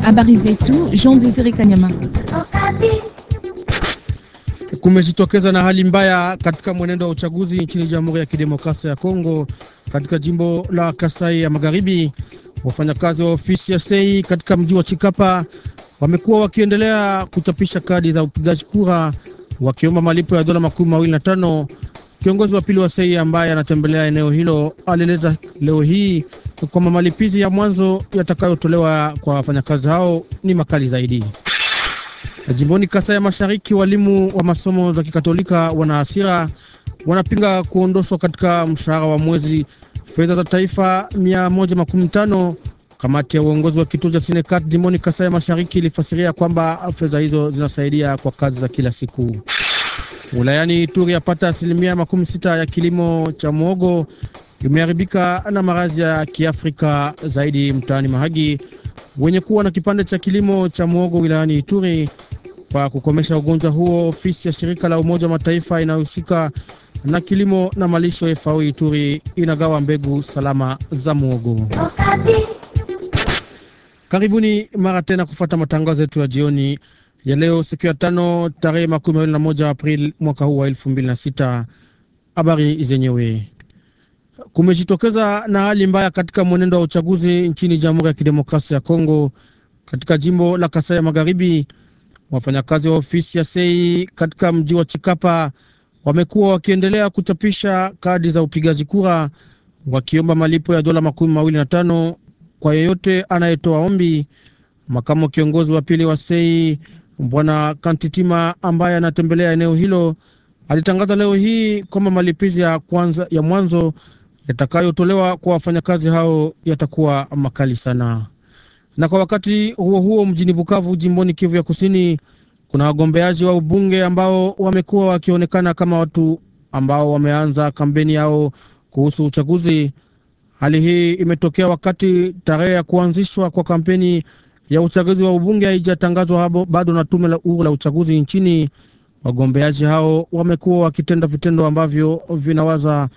Habari zetu Jean Desire Kanyama. Kumejitokeza na hali mbaya katika mwenendo wa uchaguzi nchini Jamhuri ya Kidemokrasia ya Kongo katika jimbo la Kasai ya Magharibi. Wafanyakazi wa ofisi ya sei katika mji wa Chikapa wamekuwa wakiendelea kuchapisha kadi za upigaji kura wakiomba malipo ya dola makumi mawili na tano Kiongozi wa pili wa SEI ambaye anatembelea eneo hilo alieleza leo hii kwamba malipizi ya mwanzo yatakayotolewa kwa wafanyakazi hao ni makali zaidi. Jimboni Kasai ya Mashariki, walimu wa masomo za Kikatolika wana hasira, wanapinga kuondoshwa katika mshahara wa mwezi fedha za taifa 115. Kamati ya uongozi wa kituo cha Sinekat jimboni Kasai ya Mashariki ilifasiria kwamba fedha hizo zinasaidia kwa kazi za kila siku. Wilayani Ituri yapata asilimia makumi sita ya kilimo cha mwogo kimeharibika na marazi ya Kiafrika, zaidi mtaani Mahagi. Wenye kuwa na kipande cha kilimo cha mwogo wilayani Ituri pa kukomesha ugonjwa huo, ofisi ya shirika la Umoja wa Mataifa inayohusika na kilimo na malisho FAO Ituri inagawa mbegu salama za mwogo. Karibuni mara tena kufuata matangazo yetu ya jioni ya leo siku ya tano tarehe makumi mawili na moja Aprili mwaka huu wa elfu mbili na sita. Habari zenyewe kumejitokeza na hali mbaya katika mwenendo wa uchaguzi nchini Jamhuri ya Kidemokrasia ya Kongo, katika jimbo la Kasai ya Magharibi. Wafanyakazi wa ofisi ya sei katika mji wa Chikapa wamekuwa wakiendelea kuchapisha kadi za upigaji kura wakiomba malipo ya dola makumi mawili na tano kwa yeyote anayetoa ombi. Makamu kiongozi wa pili wa sei Bwana Kantitima ambaye anatembelea eneo hilo alitangaza leo hii kwamba malipizi ya kwanza ya mwanzo yatakayotolewa kwa wafanyakazi hao yatakuwa makali sana. Na kwa wakati huo huo, mjini Bukavu, jimboni Kivu ya Kusini, kuna wagombeaji wa ubunge ambao wamekuwa wakionekana kama watu ambao wameanza kampeni yao kuhusu uchaguzi. Hali hii imetokea wakati tarehe ya kuanzishwa kwa kampeni ya uchaguzi wa ubunge haijatangazwa bado na tume la la uchaguzi nchini. Wagombeaji hao wamekuwa wakitenda vitendo ambavyo vinawaza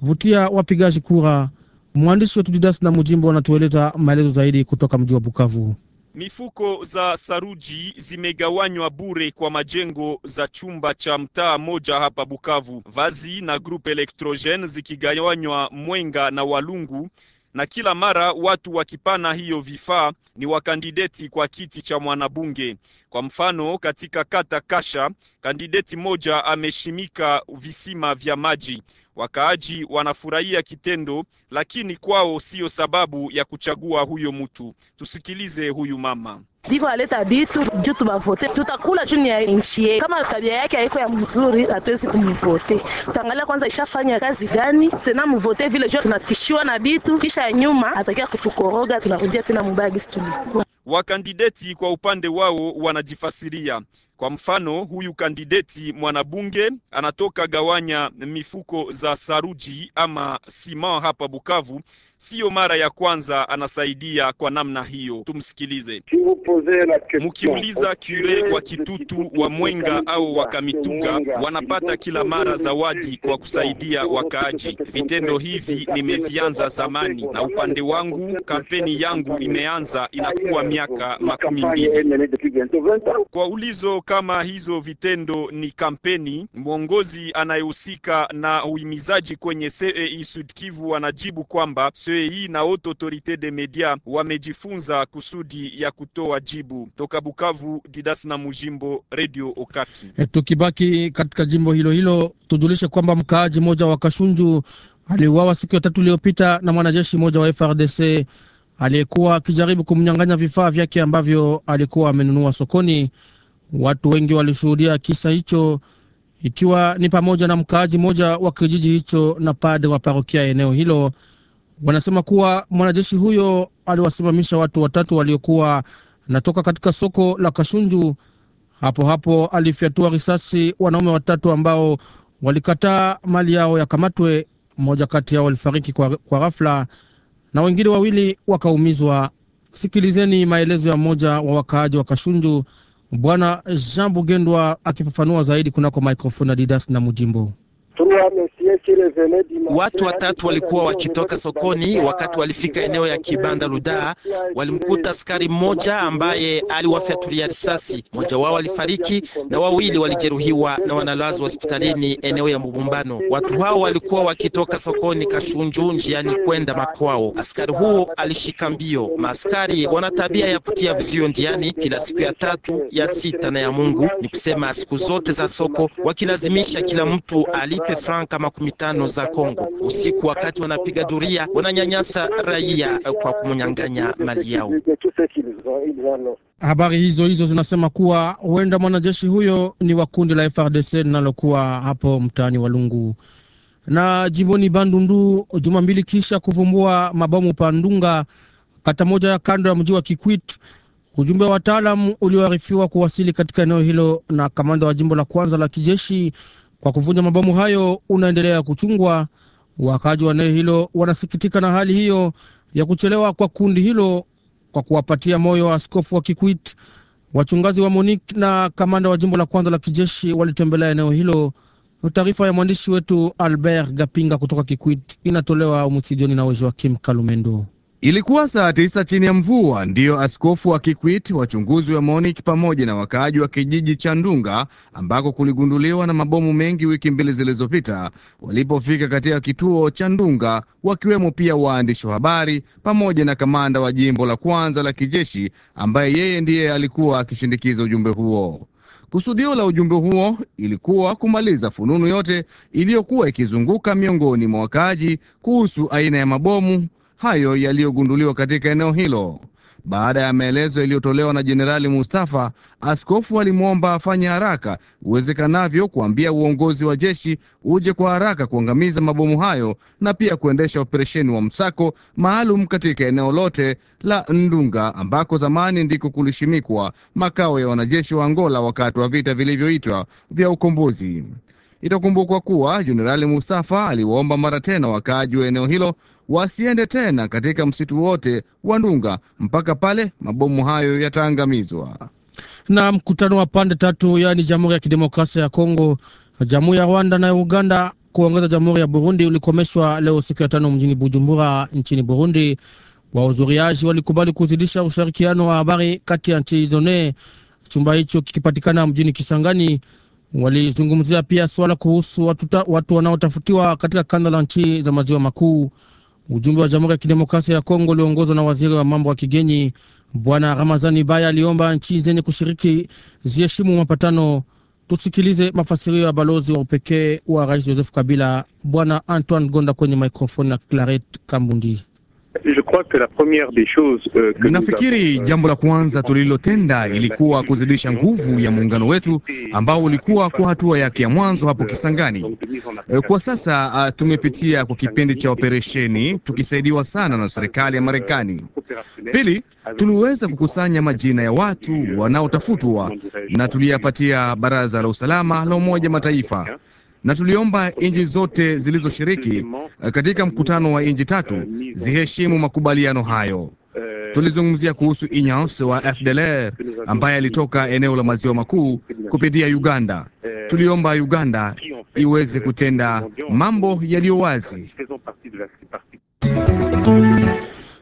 vutia wapigaji kura. Mwandishi wetu Didas na Mujimbo anatueleza maelezo zaidi kutoka mji wa Bukavu. Mifuko za saruji zimegawanywa bure kwa majengo za chumba cha mtaa moja hapa Bukavu. Vazi na grup elektrogene zikigawanywa Mwenga na Walungu na kila mara watu wakipana hiyo vifaa ni wakandideti kwa kiti cha mwanabunge. Kwa mfano, katika kata Kasha, kandideti moja ameshimika visima vya maji Wakaaji wanafurahia kitendo, lakini kwao siyo sababu ya kuchagua huyo mtu. Tusikilize huyu mama. Biko aleta bitu juu tubavote, tutakula chini ya nchi yetu. Kama tabia yake haiko ya mzuri, hatuwezi kumvote. Tutaangalia kwanza ishafanya kazi gani, tena mvote vile jua tunatishiwa na bitu, kisha ya nyuma atakia kutukoroga, tunarudia tena mubaya gisi tulikuwa. Wakandideti kwa upande wao wanajifasiria kwa mfano, huyu kandideti mwanabunge anatoka gawanya mifuko za saruji ama sima hapa Bukavu Siyo mara ya kwanza anasaidia kwa namna hiyo. Tumsikilize. Mkiuliza kure wa Kitutu, wa Mwenga au wa Kamituga, wanapata kila mara zawadi kwa kusaidia wakaaji. Vitendo hivi nimevianza zamani, na upande wangu kampeni yangu imeanza inakuwa miaka makumi mbili. Kwa ulizo kama hizo vitendo ni kampeni, mwongozi anayehusika na uhimizaji kwenye CEI Sud Kivu anajibu kwamba CEI na Haute Autorité des Médias wamejifunza kusudi ya kutoa jibu. Toka Bukavu, Didas na Mujimbo, Radio Okapi. E, tukibaki katika jimbo hilo hilo tujulishe kwamba mkaaji mmoja wa Kashunju aliuawa siku ya tatu iliyopita na mwanajeshi mmoja wa FRDC aliyekuwa akijaribu kumnyang'anya vifaa vyake ambavyo alikuwa amenunua sokoni. Watu wengi walishuhudia kisa hicho, ikiwa ni pamoja na mkaaji mmoja wa kijiji hicho na padre wa parokia eneo hilo wanasema kuwa mwanajeshi huyo aliwasimamisha watu watatu waliokuwa natoka katika soko la Kashunju. Hapo hapo alifyatua risasi wanaume watatu ambao walikataa mali yao yakamatwe. Mmoja kati yao alifariki kwa, kwa ghafla na wengine wawili wakaumizwa. Sikilizeni maelezo ya mmoja wa wakaaji wa Kashunju, Bwana Jean Bugendwa akifafanua zaidi kunako mikrofoni ya Didas na Mujimbo. Watu watatu walikuwa wakitoka sokoni. Wakati walifika eneo ya kibanda Ludaa, walimkuta askari mmoja ambaye aliwafyatulia risasi. Mmoja wao alifariki na wawili walijeruhiwa na wanalazwa hospitalini eneo ya Mubumbano. Watu hao walikuwa wakitoka sokoni Kashunju, njiani kwenda makwao. Askari huo alishika mbio. Maaskari wana tabia ya kutia vizio njiani kila siku ya tatu, ya sita na ya Mungu, ni kusema siku zote za soko, wakilazimisha kila mtu alipe franka mitano za Kongo usiku, wakati wanapiga doria, wananyanyasa raia kwa kumnyang'anya mali yao. Habari hizo hizo zinasema kuwa huenda mwanajeshi huyo ni wa kundi la FRDC linalokuwa hapo mtaani wa Lungu na jimboni Bandundu. Juma mbili kisha kuvumbua mabomu Pandunga, kata moja ya kando ya mji wa Kikwit, ujumbe wa wataalam ulioarifiwa kuwasili katika eneo hilo na kamanda wa jimbo la kwanza la kijeshi kwa kuvunja mabomu hayo unaendelea kuchungwa. Wakaaji wa eneo hilo wanasikitika na hali hiyo ya kuchelewa kwa kundi hilo kwa kuwapatia moyo wa askofu wa Kikwit. Wachungaji wa Monik na kamanda wa jimbo la kwanza la kijeshi walitembelea eneo hilo. Taarifa ya mwandishi wetu Albert Gapinga kutoka Kikwit inatolewa msijioni na kim Kalumendo. Ilikuwa saa tisa chini ya mvua, ndiyo askofu wa Kikwit, wachunguzi wa MONIK pamoja na wakaaji wa kijiji cha Ndunga ambako kuligunduliwa na mabomu mengi wiki mbili zilizopita, walipofika katika kituo cha Ndunga, wakiwemo pia waandishi wa habari pamoja na kamanda wa jimbo la kwanza la kijeshi ambaye yeye ndiye alikuwa akishindikiza ujumbe huo. Kusudio la ujumbe huo ilikuwa kumaliza fununu yote iliyokuwa ikizunguka miongoni mwa wakaaji kuhusu aina ya mabomu hayo yaliyogunduliwa katika eneo hilo. Baada ya maelezo yaliyotolewa na Jenerali Mustafa, askofu alimwomba afanye haraka uwezekanavyo kuambia uongozi wa jeshi uje kwa haraka kuangamiza mabomu hayo na pia kuendesha operesheni wa msako maalum katika eneo lote la Ndunga ambako zamani ndiko kulishimikwa makao ya wanajeshi wa Angola wakati wa vita vilivyoitwa vya ukombozi. Itakumbukwa kuwa Jenerali Musafa aliwaomba mara tena wakaaji wa eneo hilo wasiende tena katika msitu wote wa Ndunga mpaka pale mabomu hayo yataangamizwa. Na mkutano wa pande tatu, yaani Jamhuri ya Kidemokrasia ya Kongo, Jamhuri ya Rwanda na Uganda kuongeza Jamhuri ya Burundi ulikomeshwa leo siku ya tano mjini Bujumbura nchini Burundi. Wahudhuriaji walikubali kuzidisha ushirikiano wa habari kati ya nchi hizo nne, chumba hicho kikipatikana mjini Kisangani. Walizungumzia pia swala kuhusu watu, watu wanaotafutiwa katika kanda la nchi za maziwa makuu. Ujumbe wa Jamhuri ya Kidemokrasia ya Kongo uliongozwa na waziri wa mambo ya kigeni Bwana Ramazani Baya aliomba nchi zenye kushiriki ziheshimu mapatano. Tusikilize mafasirio ya balozi wa upekee wa Rais Joseph Kabila Bwana Antoine Gonda kwenye maikrofoni na Claret Kambundi. Nafikiri jambo la kwanza tulilotenda euh, ilikuwa kuzidisha nguvu ya muungano wetu ambao ulikuwa kwa hatua yake ya mwanzo hapo Kisangani. Eh, kwa sasa ah, tumepitia kwa kipindi cha operesheni tukisaidiwa sana na serikali ya Marekani. Eh, Pili, tuliweza kukusanya majina ya watu wanaotafutwa na tuliyapatia Baraza la Usalama la Umoja Mataifa na tuliomba nchi zote zilizoshiriki eh, katika mkutano wa nchi tatu ziheshimu makubaliano hayo. Tulizungumzia kuhusu Inyas wa FDLR ambaye alitoka eneo la maziwa makuu kupitia Uganda. Tuliomba Uganda iweze kutenda mambo yaliyo wazi.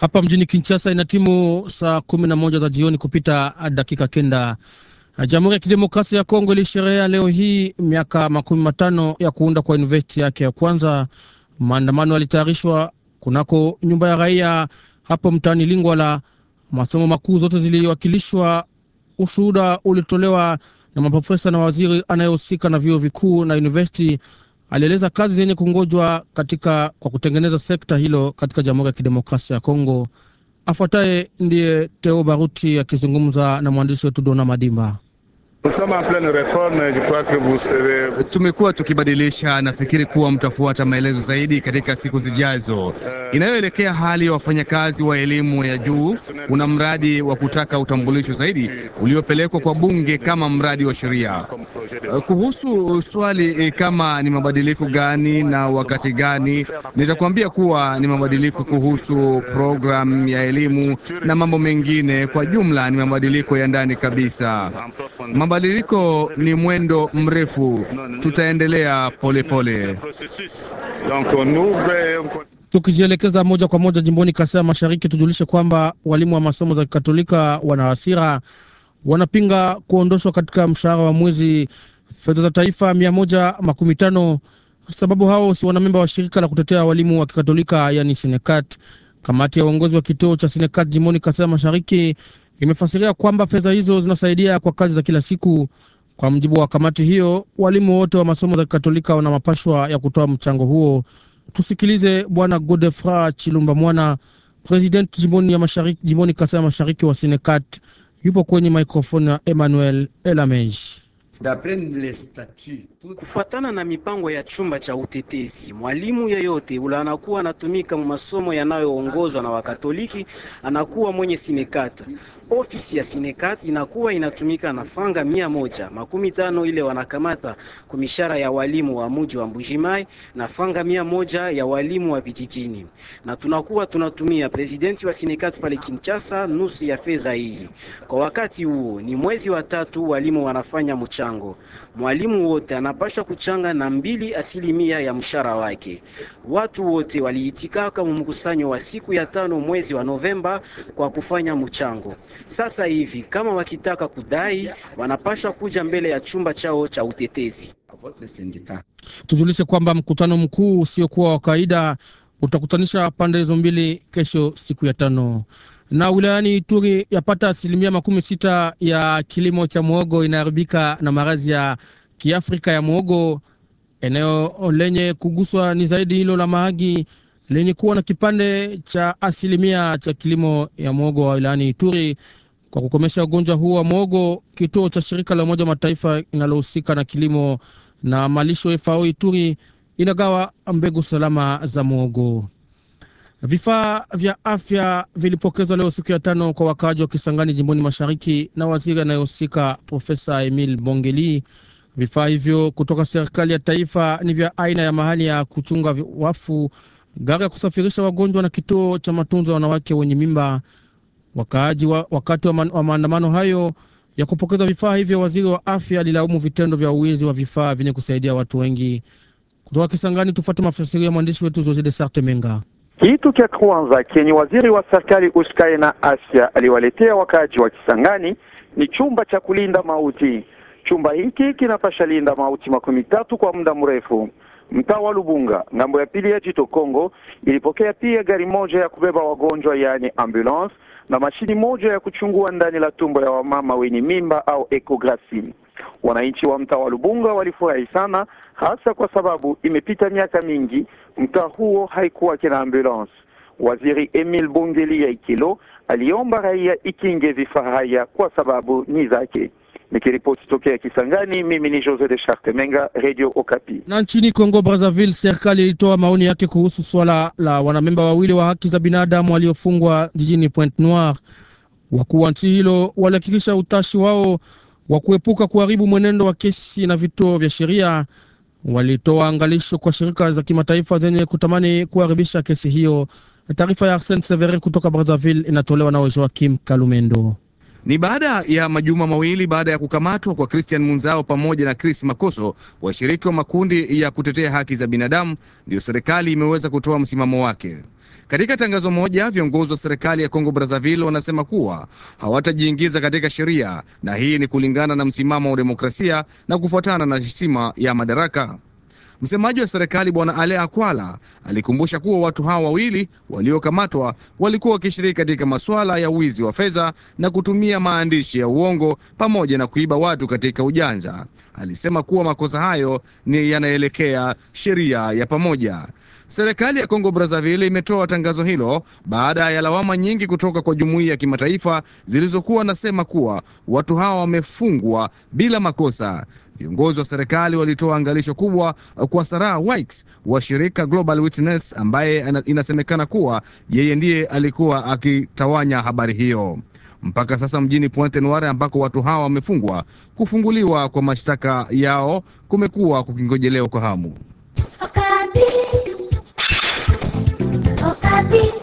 Hapa mjini Kinshasa ina timu saa kumi na moja za jioni kupita dakika kenda. Jamhuri ya Kidemokrasia ya Kongo ilisherehea leo hii miaka makumi matano ya kuunda kwa universiti yake ya kwanza. Maandamano yalitayarishwa kunako nyumba ya raia hapo mtaani Lingwala. Masomo makuu zote ziliwakilishwa. Ushuhuda ulitolewa na maprofesa na waziri anayehusika na vyuo vikuu na universiti. Alieleza kazi zenye kungojwa katika kwa kutengeneza sekta hilo katika Jamhuri ya Kidemokrasia ya Kongo. Afuataye ndiye Teo Baruti akizungumza na mwandishi wetu Dona Madimba. Tumekuwa tukibadilisha, nafikiri kuwa mtafuata maelezo zaidi katika siku zijazo. Eh, Inayoelekea hali ya wafanyakazi wa elimu ya juu, kuna mradi wa kutaka utambulisho zaidi uliopelekwa kwa bunge kama mradi wa sheria. Eh, kuhusu swali eh, kama ni mabadiliko gani na wakati gani, nitakuambia kuwa ni mabadiliko kuhusu programu ya elimu na mambo mengine. Kwa jumla ni mabadiliko ya ndani kabisa. Mabadiliko ni mwendo mrefu, tutaendelea polepole. Tukijielekeza moja kwa moja jimboni Kasai Mashariki, tujulishe kwamba walimu wa masomo za Kikatolika wana hasira, wanapinga kuondoshwa katika mshahara wa mwezi fedha za taifa mia moja makumi tano sababu hao si wanamemba wa shirika la kutetea walimu wa Kikatolika yani Sinekat. Kamati ya uongozi wa kituo cha Sinekat jimboni Kasai Mashariki imefasiria kwamba fedha hizo zinasaidia kwa kazi za kila siku. Kwa mjibu wa kamati hiyo, walimu wote wa masomo za Kikatolika wana mapashwa ya kutoa mchango huo. Tusikilize Bwana Godefra Chilumba Mwana, president jimboni ya mashariki, jimboni Kasai ya mashariki wa Sinekat, yupo kwenye maikrofoni ya Emmanuel Elamej. Kufuatana na mipango ya chumba cha utetezi, mwalimu yeyote ule anakuwa anatumika masomo yanayoongozwa na Wakatoliki anakuwa mwenye sinekata ofisi ya Sinekat inakuwa inatumika na franga mia moja makumi tano ile wanakamata kumishara ya walimu wa muji wa Mbujimai na franga mia moja ya walimu wa vijijini, na tunakuwa tunatumia presidenti wa Sinekat pale Kinshasa nusu ya fedha hii. Kwa wakati huo ni mwezi wa tatu, walimu wanafanya mchango. Mwalimu wote anapasha kuchanga na mbili asilimia ya mshahara wake. Watu wote waliitikaka mumkusanyo wa siku ya tano mwezi wa Novemba kwa kufanya mchango. Sasa hivi kama wakitaka kudai, wanapaswa kuja mbele ya chumba chao cha utetezi. Tujulishe kwamba mkutano mkuu usiokuwa wa kawaida utakutanisha pande hizo mbili kesho siku ya tano. Na wilayani Ituri yapata asilimia makumi sita ya kilimo cha mwogo inaharibika na maradhi ya kiafrika ya mwogo. Eneo lenye kuguswa ni zaidi hilo la Mahagi lenye kuwa na kipande cha asilimia cha kilimo ya mwogo wa wilayani Ituri kwa kukomesha ugonjwa huu wa mwogo. Kituo cha shirika la Umoja Mataifa linalohusika na kilimo na malisho FAO Ituri inagawa mbegu salama za mwogo. Vifaa vya afya vilipokezwa leo siku ya tano kwa wakaaji wa Kisangani jimboni mashariki na waziri anayehusika Profesa Emil Bongeli. Vifaa hivyo kutoka serikali ya taifa ni vya aina ya mahali ya kuchunga wafu gari ya kusafirisha wagonjwa na kituo cha matunzo ya wanawake wenye mimba. Wakaaji wa, wakati wa, man, wa maandamano hayo ya kupokeza vifaa hivyo, waziri wa afya alilaumu vitendo vya uwizi wa vifaa vyenye kusaidia watu wengi. Kutoka Kisangani tufuate mafasiri ya mwandishi wetu Jose de Sarte Menga. Kitu cha kwanza kenye waziri wa serikali uskae na afya aliwaletea wakaaji wa Kisangani ni chumba cha kulinda mauti. Chumba hiki kinapasha linda mauti makumi tatu kwa muda mrefu. Mtaa wa Lubunga ng'ambo ya pili ya Jito Kongo ilipokea pia gari moja ya kubeba wagonjwa yaani ambulance na mashini moja ya kuchungua ndani la tumbo ya wamama wenye mimba au echographie. Wananchi wa mtaa wa Lubunga walifurahi sana, hasa kwa sababu imepita miaka mingi mtaa huo haikuwa kina ambulance. Waziri Emil Bungeli ya Ikilo aliomba raia ikinge vifaa haya kwa sababu ni zake. Nikiripoti tokea Kisangani, mimi ni Jose de Charte Menga, Radio Okapi. Na nchini Kongo Brazzaville, serikali ilitoa maoni yake kuhusu swala la wanamemba wawili wa haki za binadamu waliofungwa jijini Pointe Noire. Wakuu wa nchi hilo walihakikisha utashi wao wa kuepuka kuharibu mwenendo wa kesi na vituo vya sheria. Walitoa angalisho kwa shirika za kimataifa zenye kutamani kuharibisha kesi hiyo. Taarifa ya Arsene Severin kutoka Brazzaville inatolewa na Joakim Kalumendo. Ni baada ya majuma mawili baada ya kukamatwa kwa Christian Munzao pamoja na Chris Makoso, washiriki wa makundi ya kutetea haki za binadamu, ndiyo serikali imeweza kutoa msimamo wake. Katika tangazo moja, viongozi wa serikali ya Kongo Brazzaville wanasema kuwa hawatajiingiza katika sheria, na hii ni kulingana na msimamo wa demokrasia na kufuatana na heshima ya madaraka. Msemaji wa serikali Bwana Ale Akwala alikumbusha kuwa watu hawa wawili waliokamatwa walikuwa wakishiriki katika masuala ya wizi wa fedha na kutumia maandishi ya uongo pamoja na kuiba watu katika ujanja. Alisema kuwa makosa hayo ni yanaelekea sheria ya pamoja. Serikali ya Kongo Brazzaville imetoa tangazo hilo baada ya lawama nyingi kutoka kwa jumuiya ya kimataifa zilizokuwa nasema kuwa watu hawa wamefungwa bila makosa. Viongozi wa serikali walitoa angalisho kubwa kwa Sarah Wikes wa shirika Global Witness, ambaye inasemekana kuwa yeye ndiye alikuwa akitawanya habari hiyo. Mpaka sasa mjini Pointe Noire ambako watu hawa wamefungwa, kufunguliwa kwa mashtaka yao kumekuwa kukingojelewa kwa hamu. happy.